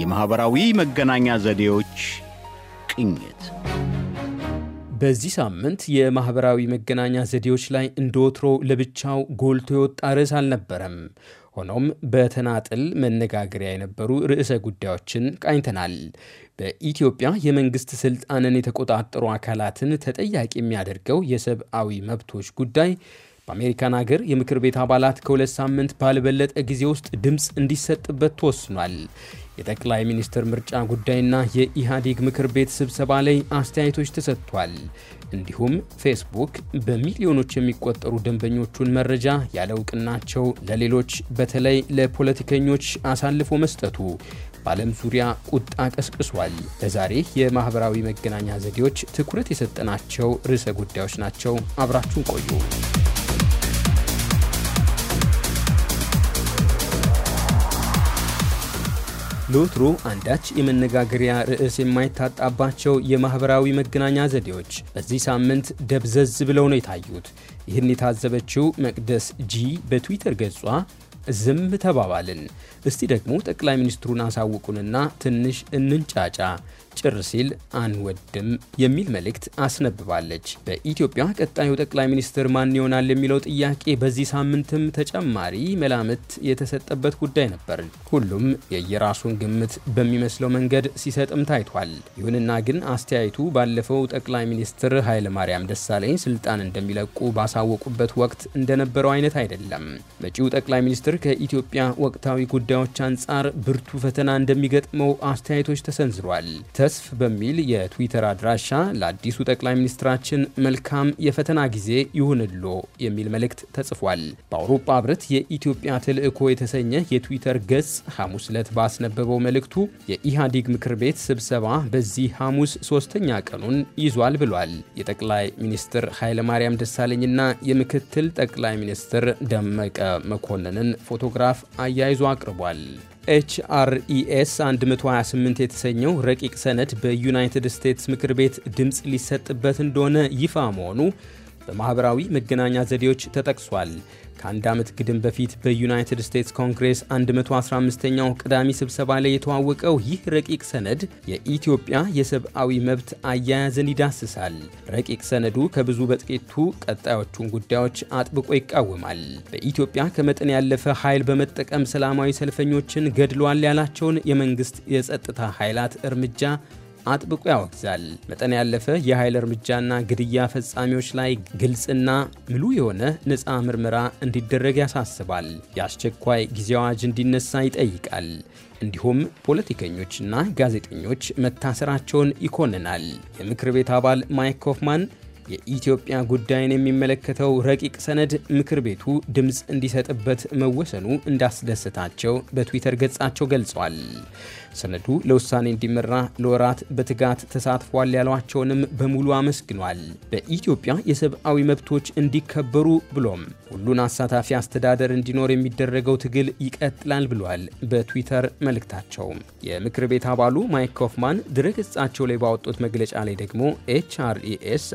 የማኅበራዊ መገናኛ ዘዴዎች ቅኝት በዚህ ሳምንት የማኅበራዊ መገናኛ ዘዴዎች ላይ እንደ ወትሮ ለብቻው ጎልቶ የወጣ ርዕስ አልነበረም። ሆኖም በተናጥል መነጋገሪያ የነበሩ ርዕሰ ጉዳዮችን ቃኝተናል። በኢትዮጵያ የመንግስት ስልጣንን የተቆጣጠሩ አካላትን ተጠያቂ የሚያደርገው የሰብአዊ መብቶች ጉዳይ በአሜሪካን ሀገር የምክር ቤት አባላት ከሁለት ሳምንት ባልበለጠ ጊዜ ውስጥ ድምፅ እንዲሰጥበት ተወስኗል። የጠቅላይ ሚኒስትር ምርጫ ጉዳይና የኢህአዴግ ምክር ቤት ስብሰባ ላይ አስተያየቶች ተሰጥቷል። እንዲሁም ፌስቡክ በሚሊዮኖች የሚቆጠሩ ደንበኞቹን መረጃ ያለ እውቅናቸው ለሌሎች በተለይ ለፖለቲከኞች አሳልፎ መስጠቱ በዓለም ዙሪያ ቁጣ ቀስቅሷል። ለዛሬ የማኅበራዊ መገናኛ ዘዴዎች ትኩረት የሰጠናቸው ርዕሰ ጉዳዮች ናቸው። አብራችሁን ቆዩ። ሎትሮ አንዳች የመነጋገሪያ ርዕስ የማይታጣባቸው የማኅበራዊ መገናኛ ዘዴዎች በዚህ ሳምንት ደብዘዝ ብለው ነው የታዩት። ይህን የታዘበችው መቅደስ ጂ በትዊተር ገጿ ዝም ተባባልን። እስቲ ደግሞ ጠቅላይ ሚኒስትሩን አሳውቁንና ትንሽ እንንጫጫ ጭር ሲል አንወድም የሚል መልእክት አስነብባለች። በኢትዮጵያ ቀጣዩ ጠቅላይ ሚኒስትር ማን ይሆናል የሚለው ጥያቄ በዚህ ሳምንትም ተጨማሪ መላምት የተሰጠበት ጉዳይ ነበር። ሁሉም የየራሱን ግምት በሚመስለው መንገድ ሲሰጥም ታይቷል። ይሁንና ግን አስተያየቱ ባለፈው ጠቅላይ ሚኒስትር ኃይለማርያም ደሳለኝ ስልጣን እንደሚለቁ ባሳወቁበት ወቅት እንደነበረው አይነት አይደለም። መጪው ጠቅላይ ሚኒስትር ሚኒስትር ከኢትዮጵያ ወቅታዊ ጉዳዮች አንጻር ብርቱ ፈተና እንደሚገጥመው አስተያየቶች ተሰንዝሯል። ተስፍ በሚል የትዊተር አድራሻ ለአዲሱ ጠቅላይ ሚኒስትራችን መልካም የፈተና ጊዜ ይሁንሎ የሚል መልእክት ተጽፏል። በአውሮፓ ህብረት የኢትዮጵያ ተልዕኮ የተሰኘ የትዊተር ገጽ ሐሙስ ዕለት ባስነበበው መልእክቱ የኢህአዴግ ምክር ቤት ስብሰባ በዚህ ሐሙስ ሶስተኛ ቀኑን ይዟል ብሏል። የጠቅላይ ሚኒስትር ኃይለማርያም ደሳለኝና የምክትል ጠቅላይ ሚኒስትር ደመቀ መኮንንን ፎቶግራፍ አያይዞ አቅርቧል። ኤችአርኢኤስ 128 የተሰኘው ረቂቅ ሰነድ በዩናይትድ ስቴትስ ምክር ቤት ድምፅ ሊሰጥበት እንደሆነ ይፋ መሆኑ በማኅበራዊ መገናኛ ዘዴዎች ተጠቅሷል። ከአንድ ዓመት ግድም በፊት በዩናይትድ ስቴትስ ኮንግሬስ 115ኛው ቅዳሚ ስብሰባ ላይ የተዋወቀው ይህ ረቂቅ ሰነድ የኢትዮጵያ የሰብአዊ መብት አያያዝን ይዳስሳል። ረቂቅ ሰነዱ ከብዙ በጥቂቱ ቀጣዮቹን ጉዳዮች አጥብቆ ይቃወማል። በኢትዮጵያ ከመጠን ያለፈ ኃይል በመጠቀም ሰላማዊ ሰልፈኞችን ገድሏል ያላቸውን የመንግሥት የጸጥታ ኃይላት እርምጃ አጥብቆ ያወግዛል። መጠን ያለፈ የኃይል እርምጃና ግድያ ፈጻሚዎች ላይ ግልጽና ምሉ የሆነ ነፃ ምርመራ እንዲደረግ ያሳስባል። የአስቸኳይ ጊዜ አዋጅ እንዲነሳ ይጠይቃል። እንዲሁም ፖለቲከኞችና ጋዜጠኞች መታሰራቸውን ይኮንናል። የምክር ቤት አባል ማይክ ኮፍማን የኢትዮጵያ ጉዳይን የሚመለከተው ረቂቅ ሰነድ ምክር ቤቱ ድምፅ እንዲሰጥበት መወሰኑ እንዳስደሰታቸው በትዊተር ገጻቸው ገልጿል። ሰነዱ ለውሳኔ እንዲመራ ለወራት በትጋት ተሳትፏል ያሏቸውንም በሙሉ አመስግኗል። በኢትዮጵያ የሰብአዊ መብቶች እንዲከበሩ ብሎም ሁሉን አሳታፊ አስተዳደር እንዲኖር የሚደረገው ትግል ይቀጥላል ብሏል። በትዊተር መልእክታቸው የምክር ቤት አባሉ ማይክ ኮፍማን ድረ ገጻቸው ላይ ባወጡት መግለጫ ላይ ደግሞ ኤችአርኢኤስ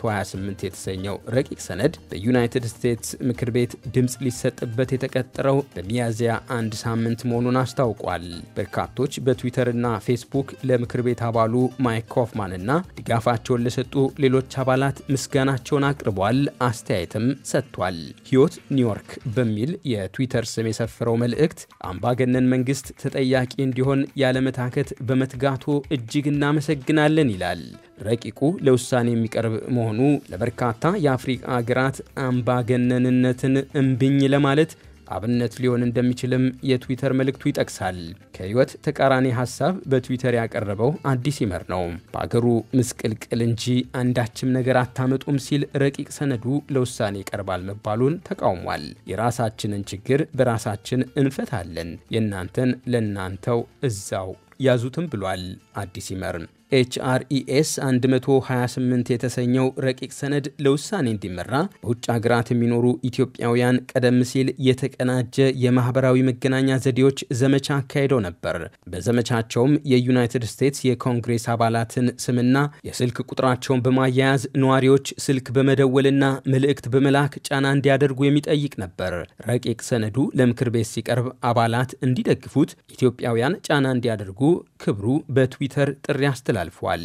228 የተሰኘው ረቂቅ ሰነድ በዩናይትድ ስቴትስ ምክር ቤት ድምፅ ሊሰጥበት የተቀጠረው በሚያዝያ አንድ ሳምንት መሆኑን አስታውቋል። በርካቶች በትዊተርና ፌስቡክ ለምክር ቤት አባሉ ማይክ ኮፍማንና ድጋፋቸውን ለሰጡ ሌሎች አባላት ምስጋናቸውን አቅርቧል። አስተያየትም ሰጥቷል። ሕይወት ኒውዮርክ በሚል የትዊተር ስም የሰፈረው መልእክት አምባገነን መንግስት ተጠያቂ እንዲሆን ያለመታከት በመትጋቱ እጅግ እናመሰግናለን ይላል። ረቂቁ ለውሳኔ የሚቀርብ መሆኑ ለበርካታ የአፍሪቃ ሀገራት አምባገነንነትን እምብኝ ለማለት አብነት ሊሆን እንደሚችልም የትዊተር መልእክቱ ይጠቅሳል። ከህይወት ተቃራኒ ሀሳብ በትዊተር ያቀረበው አዲስ ይመር ነው። በአገሩ ምስቅልቅል እንጂ አንዳችም ነገር አታመጡም ሲል ረቂቅ ሰነዱ ለውሳኔ ይቀርባል መባሉን ተቃውሟል። የራሳችንን ችግር በራሳችን እንፈታለን፣ የእናንተን ለእናንተው እዛው ያዙትም ብሏል አዲስ ይመር። ኤችአርኢኤስ 128 የተሰኘው ረቂቅ ሰነድ ለውሳኔ እንዲመራ በውጭ ሀገራት የሚኖሩ ኢትዮጵያውያን ቀደም ሲል የተቀናጀ የማህበራዊ መገናኛ ዘዴዎች ዘመቻ አካሂደው ነበር። በዘመቻቸውም የዩናይትድ ስቴትስ የኮንግሬስ አባላትን ስምና የስልክ ቁጥራቸውን በማያያዝ ነዋሪዎች ስልክ በመደወልና መልእክት በመላክ ጫና እንዲያደርጉ የሚጠይቅ ነበር። ረቂቅ ሰነዱ ለምክር ቤት ሲቀርብ አባላት እንዲደግፉት ኢትዮጵያውያን ጫና እንዲያደርጉ ክብሩ በትዊተር ጥሪ አስተላል አስተላልፏል።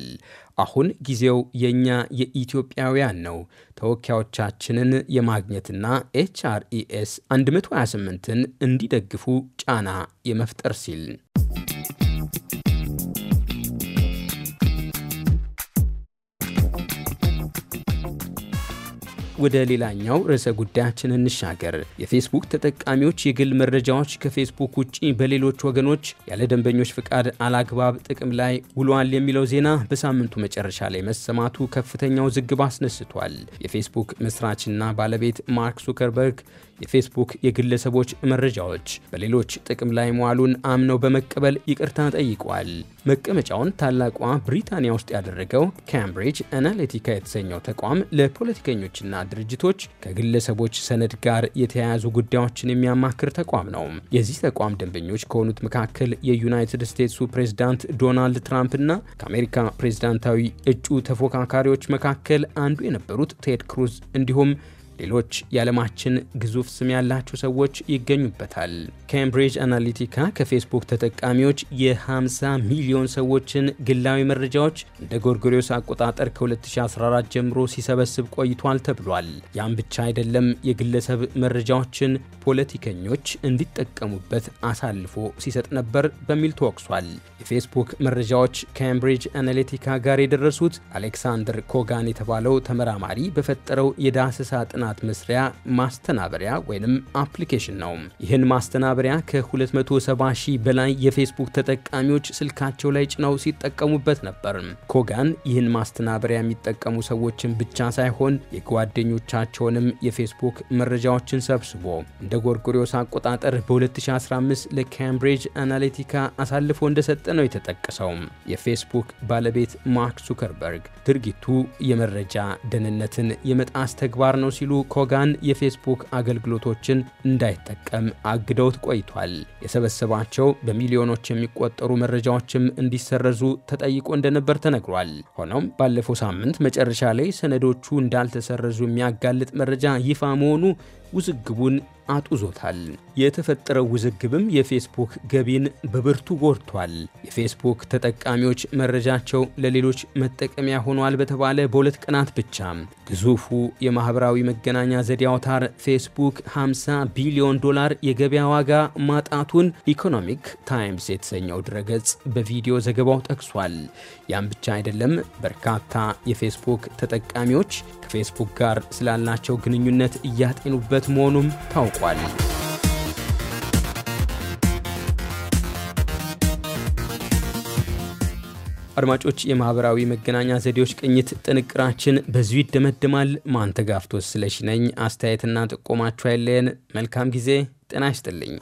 አሁን ጊዜው የእኛ የኢትዮጵያውያን ነው። ተወካዮቻችንን የማግኘትና ኤችአርኢኤስ 128ን እንዲደግፉ ጫና የመፍጠር ሲል ወደ ሌላኛው ርዕሰ ጉዳያችን እንሻገር። የፌስቡክ ተጠቃሚዎች የግል መረጃዎች ከፌስቡክ ውጭ በሌሎች ወገኖች ያለ ደንበኞች ፍቃድ አላግባብ ጥቅም ላይ ውሏል የሚለው ዜና በሳምንቱ መጨረሻ ላይ መሰማቱ ከፍተኛው ዝግብ አስነስቷል። የፌስቡክ መስራችና ባለቤት ማርክ ዙከርበርግ የፌስቡክ የግለሰቦች መረጃዎች በሌሎች ጥቅም ላይ መዋሉን አምነው በመቀበል ይቅርታ ጠይቋል። መቀመጫውን ታላቋ ብሪታንያ ውስጥ ያደረገው ካምብሪጅ አናሊቲካ የተሰኘው ተቋም ለፖለቲከኞችና ድርጅቶች ከግለሰቦች ሰነድ ጋር የተያያዙ ጉዳዮችን የሚያማክር ተቋም ነው። የዚህ ተቋም ደንበኞች ከሆኑት መካከል የዩናይትድ ስቴትሱ ፕሬዝዳንት ዶናልድ ትራምፕ ና ከአሜሪካ ፕሬዝዳንታዊ እጩ ተፎካካሪዎች መካከል አንዱ የነበሩት ቴድ ክሩዝ እንዲሁም ሌሎች የዓለማችን ግዙፍ ስም ያላቸው ሰዎች ይገኙበታል። ካምብሪጅ አናሊቲካ ከፌስቡክ ተጠቃሚዎች የ50 ሚሊዮን ሰዎችን ግላዊ መረጃዎች እንደ ጎርጎሪዮስ አቆጣጠር ከ2014 ጀምሮ ሲሰበስብ ቆይቷል ተብሏል። ያም ብቻ አይደለም፣ የግለሰብ መረጃዎችን ፖለቲከኞች እንዲጠቀሙበት አሳልፎ ሲሰጥ ነበር በሚል ተወቅሷል። የፌስቡክ መረጃዎች ካምብሪጅ አናሊቲካ ጋር የደረሱት አሌክሳንደር ኮጋን የተባለው ተመራማሪ በፈጠረው የዳሰሳ ጥናት መስሪያ ማስተናበሪያ ወይም አፕሊኬሽን ነው። ይህን ማስተናበሪያ ከ270 ሺህ በላይ የፌስቡክ ተጠቃሚዎች ስልካቸው ላይ ጭነው ሲጠቀሙበት ነበር። ኮጋን ይህን ማስተናበሪያ የሚጠቀሙ ሰዎችን ብቻ ሳይሆን የጓደኞቻቸውንም የፌስቡክ መረጃዎችን ሰብስቦ እንደ ጎርጎሪዮስ አቆጣጠር በ2015 ለካምብሪጅ አናሊቲካ አሳልፎ እንደሰጠ ነው የተጠቀሰው። የፌስቡክ ባለቤት ማርክ ዙከርበርግ ድርጊቱ የመረጃ ደህንነትን የመጣስ ተግባር ነው ሲሉ ኮጋን የፌስቡክ አገልግሎቶችን እንዳይጠቀም አግደውት ቆይቷል። የሰበሰባቸው በሚሊዮኖች የሚቆጠሩ መረጃዎችም እንዲሰረዙ ተጠይቆ እንደነበር ተነግሯል። ሆኖም ባለፈው ሳምንት መጨረሻ ላይ ሰነዶቹ እንዳልተሰረዙ የሚያጋልጥ መረጃ ይፋ መሆኑ ውዝግቡን አጡዞታል። የተፈጠረው ውዝግብም የፌስቡክ ገቢን በብርቱ ጎድቷል። የፌስቡክ ተጠቃሚዎች መረጃቸው ለሌሎች መጠቀሚያ ሆኗል በተባለ በሁለት ቀናት ብቻ ግዙፉ የማኅበራዊ መገናኛ ዘዴ አውታር ፌስቡክ 50 ቢሊዮን ዶላር የገበያ ዋጋ ማጣቱን ኢኮኖሚክ ታይምስ የተሰኘው ድረገጽ በቪዲዮ ዘገባው ጠቅሷል። ያም ብቻ አይደለም። በርካታ የፌስቡክ ተጠቃሚዎች ከፌስቡክ ጋር ስላላቸው ግንኙነት እያጤኑበት ያለበት መሆኑም ታውቋል። አድማጮች፣ የማህበራዊ መገናኛ ዘዴዎች ቅኝት ጥንቅራችን በዚሁ ይደመድማል። ማንተጋፍቶ ስለሽነኝ አስተያየትና ጥቆማችሁ አይለየን። መልካም ጊዜ። ጤና ይስጥልኝ።